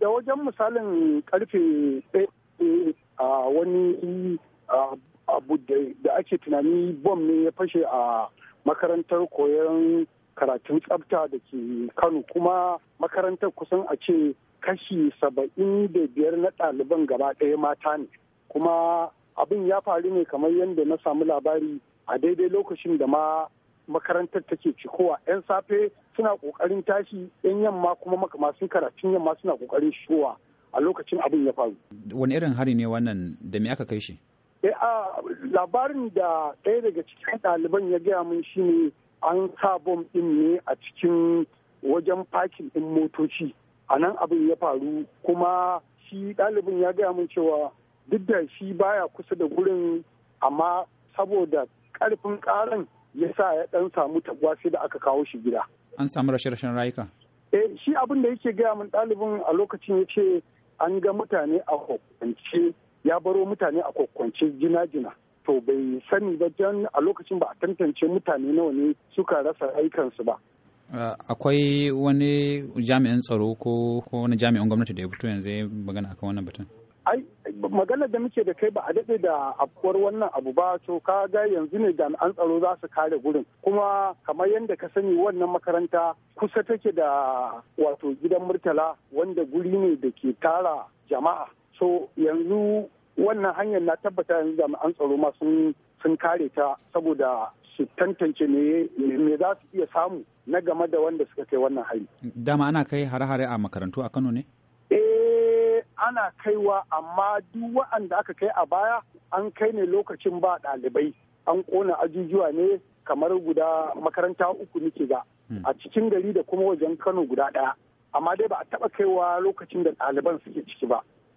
da wajen misalin karfe eh, a wani abu da ake tunani bom ne ya fashe a makarantar koyon karatun tsabta da ke kano kuma makarantar kusan a ce kashi saba'in da biyar na ɗaliban gaba ɗaya mata ne kuma abin ya faru ne kamar yadda na samu labari a daidai lokacin da ma makarantar take cikowa 'yan safe suna kokarin tashi yan yamma kuma masu karatun yamma suna kokarin shuwa a lokacin abin ya faru wani irin hari ne wannan da me aka kai shi eh a labarin da ɗaya daga cikin ɗaliban ya gaya min ne an sa bom ɗin ne a cikin wajen fakin ɗin motoci a nan abin ya faru kuma shi ɗalibin ya gaya min cewa duk da shi baya kusa da gurin amma saboda ƙarfin ƙaran ya sa ya ɗan samu tabuwa da aka kawo shi gida. an samu rashe-rashen rayuka? Eh, shi abin da yake gaya min ɗalibin a lokacin ya ce an ga mutane a kwakwance ya baro mutane a kwakwance jina-jina. To bai sani ba jan a lokacin ba a tantance mutane nawa ne suka rasa aikansu ba. akwai wani jami'in tsaro ko wani jami'in gwamnati da ya fito yanzu ya magana akan wannan batun. ai maganar da muke da kai ba a daɗe da afkuwar wannan abu ba to ka ga yanzu ne jami'an tsaro za su kare gurin kuma kamar yadda ka sani wannan makaranta kusa take da wato gidan murtala wanda guri ne da ke tara jama'a so yanzu wannan hanyar na tabbata yanzu jami'an tsaro ma sun kare ta saboda su tantance me za su iya samu na game da wanda suka kai wannan hari. Dama ana kai hare-hare a makarantu a Kano ne? ana kaiwa amma duk wa'anda aka kai a baya an kai ne lokacin ba ɗalibai an ƙona ajujuwa ne kamar guda makaranta uku nake ga hmm. a cikin gari da kuma wajen kano guda ɗaya amma dai ba a taɓa kaiwa lokacin da ɗaliban suke ciki ba